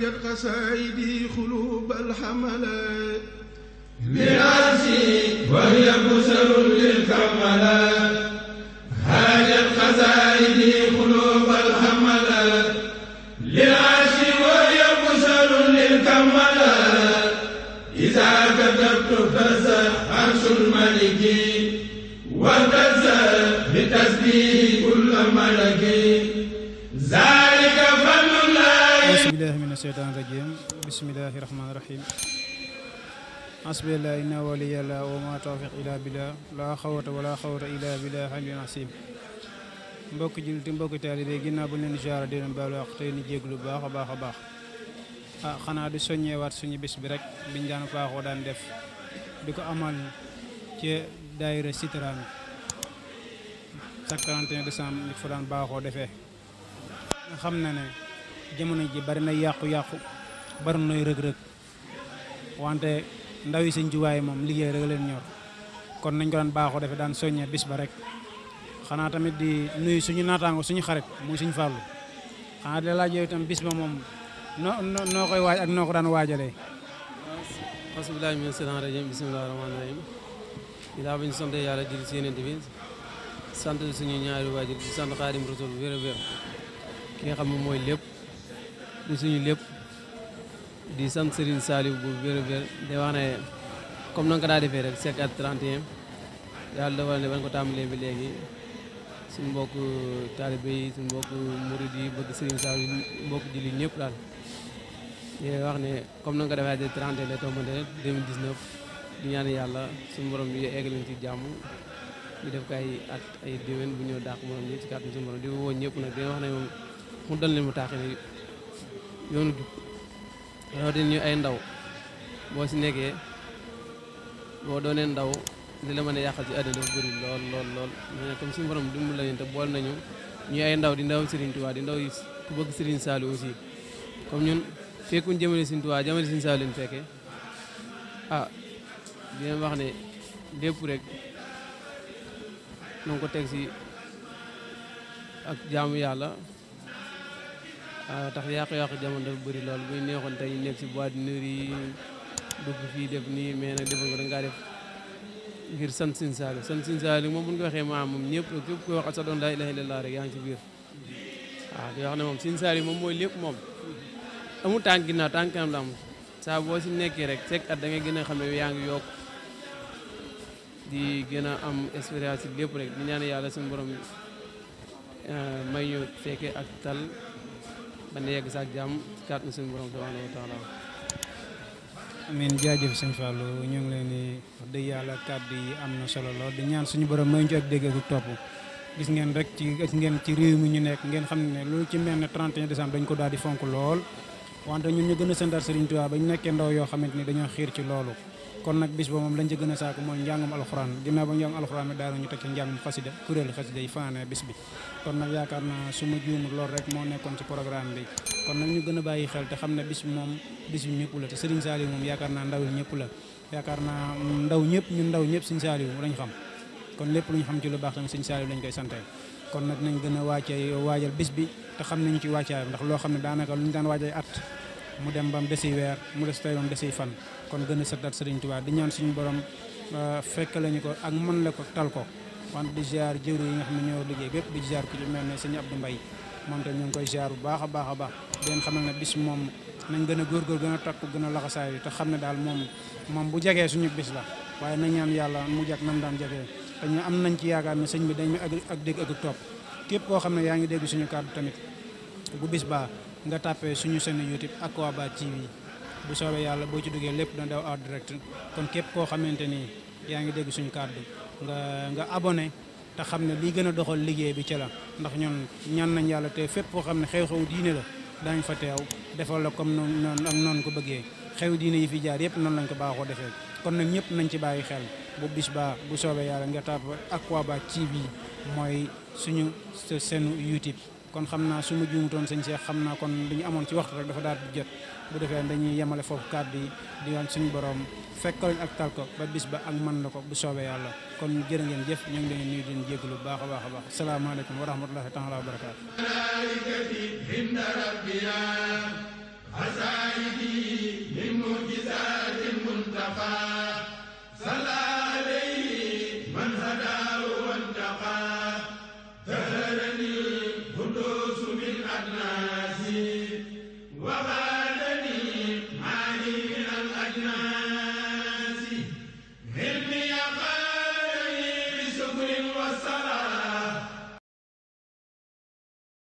درجت قصائدي قلوب الحملاء براسي وهي بسر للكملاء هاجت قلوب وهي بسر للكملاء إذا عرش الملك بتسبيح كل ملك زاد billahi min asheytaan rajim bismillahi rahmani rahim asbillah inna waliyallah wa ma tawfiq ila billah laa xawata wala xawata ila billah alil asim mbokki jullit yi bu leen di leen baalu àq tey ni jéglu baax baax a baax ah, xanaa di soññeewaat bi rek biñ daan baaxoo daan def ko amal ci daayira Sitraan daan baaxoo defee xam na ne jamono ji bari na yàqu-yàqu bari nay rëg-rëg wante ndaw yi sëñ Tuubaa moom liggéey rek leen ñor kon nañ ko daan baaxoo defe daan soññee bis ba rek xanaa tamit di nuyu suñu naataango suñu xarit muy suñu fàllu xanaa di laaj yooyu tam bis moom noo noo koy waaj ak noo ko daan waajalee asbilahi mina seytaan rajim bisimilahi rahmaani rahim ilaa bi ñu sant yàlla jël si yeneen bi sant suñu ñaari waajur di sant xaadim rasul wér a wér ki xam ne mooy lépp di suñu lépp di sant Serigne Saliou bu wér a wax ne comme na nga ko daa defee rek seq at 31 yàlla defal ne ko tàmbalee bi léegi suñu mbokk taalibe yi suñu mbokk murid yi bëgg Serigne Saliou mbokk jullit ñëpp daal wax ne comme na nga ko defee 31 lay tombante 2019 di ñaan yàlla suñu borom bi eggal ñu ci jàmm ñu def ko ay at ay déwén bu ñëw dàq moom ñëpp ci kàttan suñu borom di woo ñëpp nag di wax ne moom mu dal mu taaxee yoonu jub rawatina ñu ay ndaw boo si nekkee boo doonee ndaw li la mën a yàqal ci àddina dafa bëri lool lool lool ñu ne comme suñu borom dimbali lañu te bool nañu ñu ay ndaw di ndaw Serigne Touba di ndaw yi ku bëgg Serigne Saliou aussi comme ñun fekkuñ jëmale Serigne Touba jëmale Serigne Saliou lañ fekkee ah dina wax ne lépp rek na ko teg si ak jaamu yàlla waaw tax yàqu-yàqu jamono dafa bëri lool bu ñu neexoon tey nekk si boîte de nuit yi dugg fii def nii mais nag defal da ngaa def ngir san Sëñ Saaliw sant Sëñ Saaliw moom bu ñu ko waxee maam moom ñëpp képp sa doon laa ilaaha illallaah rek yaa ngi ci biir waaw ah, di wax ne moom Sëñ Saaliw moom mooy lépp moom amul tànk ginnaaw tànk kanam la saa boo si nekkee rek teg at da ngay gën xam yaa ngi yok di gën a am expérience yi lépp rek di ñaan yàlla suñu borom ah, may ñu ak tal ban yegg sax jàmm ci kàttanu suñu borom subhanahu wa taala amiin jaajëf sëñ Fallou ñu ngi leen di wax yàlla kàddu di am na solo lool di ñaan suñu borom may ñu ci ak dégg ak topp gis ngeen rek ci gis ngeen ci réew mi ñu nekk ngeen xam ne loolu ci mel ne 31 décembre dañ ko daal di fonk lool wante ñun ñu gën a santaat Serigne Touba ba ñu nekkee ndaw yoo xamante ni dañoo xiir ci loolu kon nag bis ba moom lañ ca gën a saako mooy njàngum alxuraan ginnaaw ba njàngum alxuraan bi daara ñu teg ci njàngum xasida kuréelu xasida yi fanaane bis bi kon nag yaakaar naa su ma juumul rek moo nekkoon ci programme bi kon nag ñu gën a bàyyi xel te xam ne bis bi moom bis bi ñëpp la te Serigne Saliou moom yaakaar naa ndaw ñëpp la yaakaar naa ndaw ñëpp ñun ndaw ñëpp Serigne Saliou lañ xam kon lépp lu ñu xam ci lu baax tamit Serigne Saliou lañ koy santee kon nag nañ gën a wàccee waajal bis bi te xam nañ ci wàccaay ndax loo xam ne daanaka lu ñu daan waajay at mu dem bam desi wer mu des tey ba fan kon gëna sa dat serigne touba di ñaan suñu borom euh, fekk lañu ko ak man la ko tal ko wan di ziar jëwri yi nga xamni ñoo liggé bëpp di ziar ku ci melni ne Abdou mbay mom tan ñu ngi koy ziar bu baaxa baaxa baax den xamal na bis mom nañ gëna gor gor gëna takku gëna a laxasaay te xam dal mom mom bu jegee suñu bis la waye nañ ñaan yalla mu jag nam daan jegee ñu am nañ ci yaakaar ne sëñ bi dañ ak deg ak top képp ko xamne yaangi deg suñu kaddu tamit bu bis ba nga tàppee suñu chaîne YouTube Akwaba TV bu soobee yàlla boo ci duggee lépp dana daw en direct kon képp koo xamante ni yaa ngi dégg suñu bi nga nga abone te xam ne lii gën a doxal liggéey bi ci la ndax ñun ñaan nañ yàlla te fépp koo xam ne xew-xew diine la daañ fa teew defal la comme noonu noonu ak noonu ko bëggee xew diine yi fi jaar yëpp noonu lañ ko baaxoo defee kon nag ñëpp nañ ci bàyyi xel bu bis baa bu soobee yàlla nga tàpp Akwaba TV mooy suñu seen YouTube kon xam naa su ma juumutoon sëñ Cheikh xam naa kon li ñu amoon ci waxtu rek dafa daal di jot bu defee dañuy yemale foofu kàddu yi di waan suñu borom fekkaloñ ak tal ko ba bis ba ak man la ko bu soobee yàlla kon jërë ngeen jëf ñu ngi leen nuyu di leen jéggalu baax a baax a baax salaamaaleykum wa rahmatullahi taala wa barakaatu